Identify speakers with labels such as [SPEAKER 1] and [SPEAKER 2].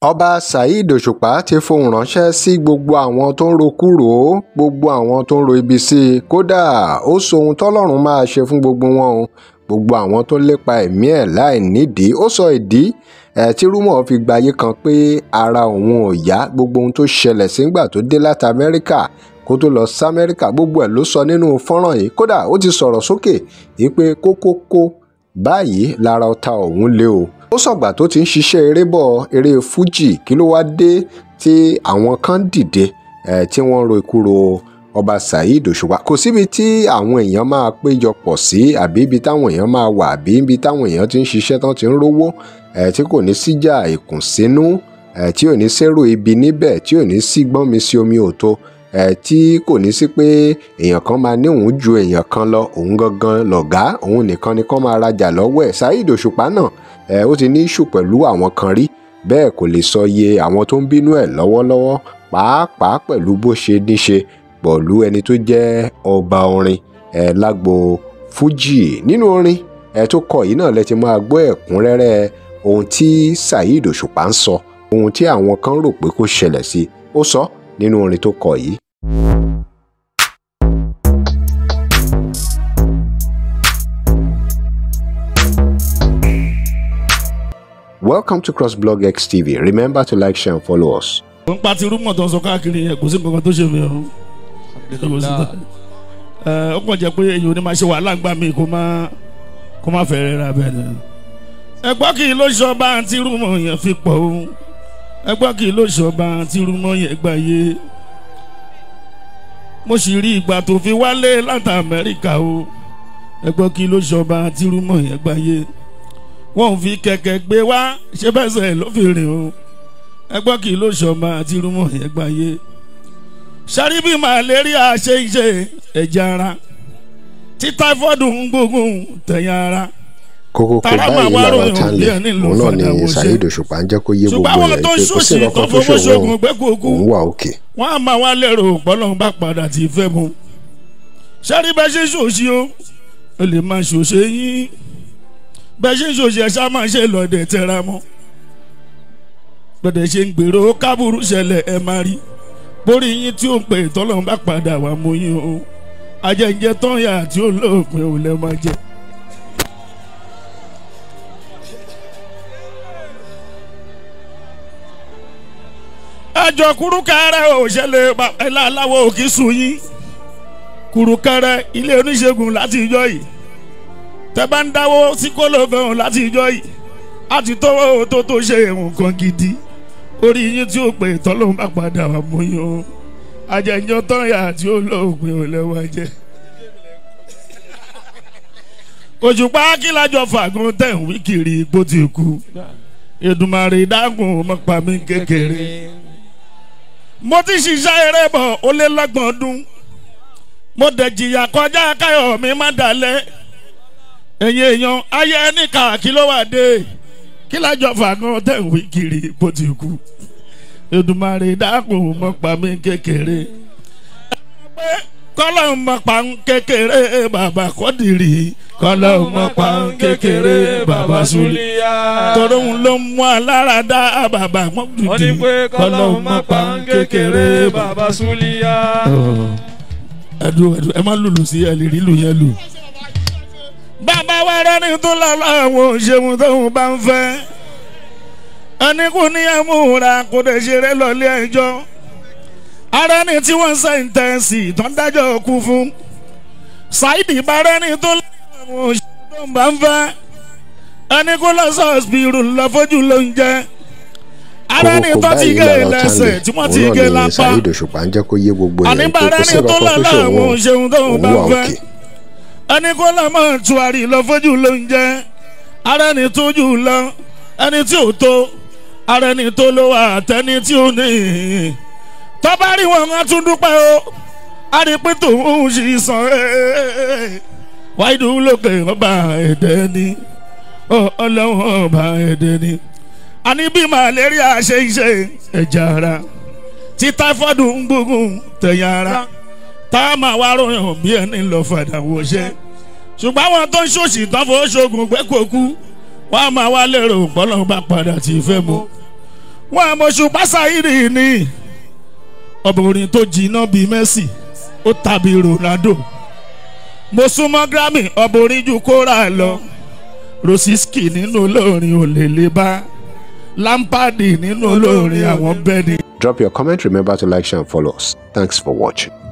[SPEAKER 1] ọba saheed òṣùpá ti fohùn ránṣẹ́ sí gbogbo àwọn tó ń rokúròó gbogbo àwọn tó ń ro ibi sí i kódà ó sohun tọ́lọ́run máa ṣe fún gbogbo wọn o gbogbo àwọn tó ń lépa ẹ̀mí ẹ̀ láì nídìí ó sọ ìdí ẹ̀ tí rúmọ̀ fi gbayé kan pé ara òun ò yá gbogbo ohun tó ṣẹlẹ̀ sígbà tó dé láti amẹ́ríkà kó tó lọ sí amẹ́ríkà gbogbo ẹ̀ ló sọ nínú fọ́nrán yìí kódà ó ti sọ̀rọ̀ sókè yìí pé kókókó báyìí lára ọ̀tá ọ̀hún le o ó sọ̀gbà tó ti ń ṣiṣẹ́ eré bọ̀ eré fújì kí ló wá dé tí àwọn kan dìde eh, tí wọ́n ro ikú ro ọba Saheed Òṣùpá kò síbi tí àwọn èèyàn máa péjọpọ̀ sí àbí ibi táwọn èèyàn máa wà àbí ibi táwọn èèyàn ti ń ṣiṣẹ́ tán ti ń rówó eh, tí kò ní síjà ìkùnsínú eh, tí ò ní sẹ́rù ibi níbẹ̀ tí ò ní sígbọ́n mi sí omi òtó ẹ tí kò ní sí pé èèyàn kan máa ní òun ju èèyàn kan lọ òun gangan lọ̀gá òun nìkan ni kán máa rajà lọ́wọ́ ẹ̀ Saheed Òṣùpá náà ẹ ó ti ní ìṣù pẹ̀lú àwọn kan rí bẹ́ẹ̀ kò lè sọ iye àwọn tó ń bínú ẹ̀ lọ́wọ́lọ́wọ́ pàápàá pẹ̀lú bó ṣe níṣe pẹ̀lú ẹni tó jẹ́ ọba orin ẹ lágbo fújì nínú orin ẹ tó kọ yìí náà lẹ ti máa gbọ́ ẹ̀kúnrẹ́rẹ́ ohun tí Saheed Òṣùpá ń sọ ohun tí àwọn kan rò pé kó ṣẹlẹ̀ sí ó sọ so, nínú orin tó kọ yìí. Welcome to crossblog X TV. Remember to like, share, and follow us.
[SPEAKER 2] n pa ti rúmọ̀ tó ń sọ káàkiri yẹn kò sí nǹkan tó ṣe mí o ó kàn jẹ́ pé èyí ò ní máa ṣe wàhálà gbà mí kó má kó má fẹ́ rẹ́ra bẹ́ẹ̀ ni ẹgbọ́n kì í ló ṣọba àǹtí rúmọ̀ yẹn fi pọ̀ o ẹgbọ́n kì í lò ṣọba tí rúmọ́yẹ gbàyé mo sì rí ìgbà tó fi wálé láti Amẹ́ríkà o ẹgbọ́n kì í lò ṣọba tí rúmọ́yẹ gbàyé wọ́n fi kẹ̀kẹ́ gbé wá ṣé bẹ́sẹ̀ ló fi rìn o ẹgbọ́n kì í lò ṣọba tí rúmọ́yẹ gbàyé sari bí malaria ṣe ń ṣe ẹ̀jẹ̀ ara tí táífọ́ọ̀dù ń gbógun tẹ̀yìn ara
[SPEAKER 1] kókó kó báyìí lára tanlẹ̀ òun náà ni Saheed Òṣùpá ń jẹ́ kó yé gbogbo ẹ̀ pé kó sì lọ́kàn fún ṣòwò òun wà òkè.
[SPEAKER 2] wọ́n á máa wá lẹ́rọ ọ̀pọ̀lọ́ bá padà tí ì fẹ́ mu sẹ́rí bẹ́ẹ̀ ṣe ṣòṣì o ó lè máa ṣòṣe yín bẹ́ẹ̀ ṣe ṣòṣì ẹ̀ ṣá máa ṣe lọ́dẹ̀ tẹra mọ́ gbọ́dọ̀ ṣe ń gbèrò kábùrú ṣẹlẹ̀ ẹ̀ máa rí borí yín tí ó ń pè tọ́lọ́ bá padà wà mú yín o ajẹ́njẹ́ tán yà tí ó lóòpin ò lẹ́ máa jẹ́. àjọ kúrúkẹrẹ òṣèlè bàbá aláwọ òkè sùn yín kúrúkẹrẹ ilé oníṣègùn láti ìjọ yìí tẹ bá ń dáwó sí kólófẹ́hùn láti ìjọ yìí a ti tọwọ́ tó tó ṣe nǹkan gidi orí yín tí ó pè tọ́lọ́hún bá padà wà mú yín o àjẹjọ tán tí ó lóògùn ò lẹ́wọ́ jẹ. òṣùpá kílájọ fàgùn tẹ̀ wí kiri igbó ti kú Èdùmàrè dákun mọ́pàmí kékeré mo ti ṣiṣẹ́ eré bọ̀ ó lé lọ́gbọ̀n ọdún mo dẹ̀ jìyà kọjá káyọ̀ mi ma dalẹ̀ ẹ̀yin èèyàn ayé ẹni kàkí ló wà dé kí lájọ fàgán tẹ̀ ń wí kiri bó ti kú Èdùmàrè dákun mọ́ pa mí kékeré kọ́lọ́hún mọ̀ pa ń kékeré bàbá kọ́dìrì kọ́lọ́hún mọ̀ pa ń kékeré bàbá suliya tọ́lọ́hún ló ń mú alárada bàbá kọ́dìrì kọ́lọ́hún mọ̀ pa ń kékeré bàbá suliya. ẹdù ẹdù ẹ má lùlù sí ẹ lè rí lù yẹn lù. bàbá wa rẹ́ni tó lọ́lọ́ àwọn òṣèlú tóun bá ń fẹ́ ẹni kò ní àmúra kò dẹ̀ ṣeré lọ́lé ẹjọ́ ara ni tí wọ́n sẹ́ńtẹ́ǹsì tó ń dájọ́ kú fún Saidi barani tó lọ́wọ́ òṣèlú bá ń fẹ́ ẹni kó lọ sọ́ọ̀sìpìrù lọ fojú ló ń jẹ́ ara ni tó ti gé lẹ́sẹ̀ tí wọ́n ti gé lápá
[SPEAKER 1] àní barani tó lọ́wọ́ òṣèlú tó ń bá ń fẹ́
[SPEAKER 2] ẹni kó lọ mọ̀ tuwari lọ fojú ló ń jẹ́ ara ni tójú lọ ẹni tí ò tó ara ni tó lọ́wọ́ àtẹni tí ò ní tọ́ba rí wọn wọn tún dúpẹ́ o àrípé tòun ṣì sàn wáìdù lókè ọba ẹ̀dẹ́ ni ọlọ́run ọba ẹ̀dẹ́ ni àní bí malaria ṣe ń ṣe ẹ̀jẹ̀ ara tí táfọ́dù ń gbógun tẹ̀yà ara tá a máa wá ròyìn bí ẹni lọ fàdà wọṣẹ́ ṣùgbọ́n àwọn tó ń ṣòṣì tán fowó ṣoògùn pé kú wọ́n á máa wá lérò pọ́lọ́n padà tì í fẹ́ mu wọ́n á mọ̀ ṣùgbọ́n sáyìrì ni ọmọbìnrin tó jiná bíi Messi ó tàbí Ronaldo mo súnmọ́ Grammy ọmọ ju kóra lọ Rosiski nínú olórin òlèlè bá nínú
[SPEAKER 1] olórin àwọn bẹ́ẹ̀ni. Drop your comment remember to like share and follow us thanks for watching.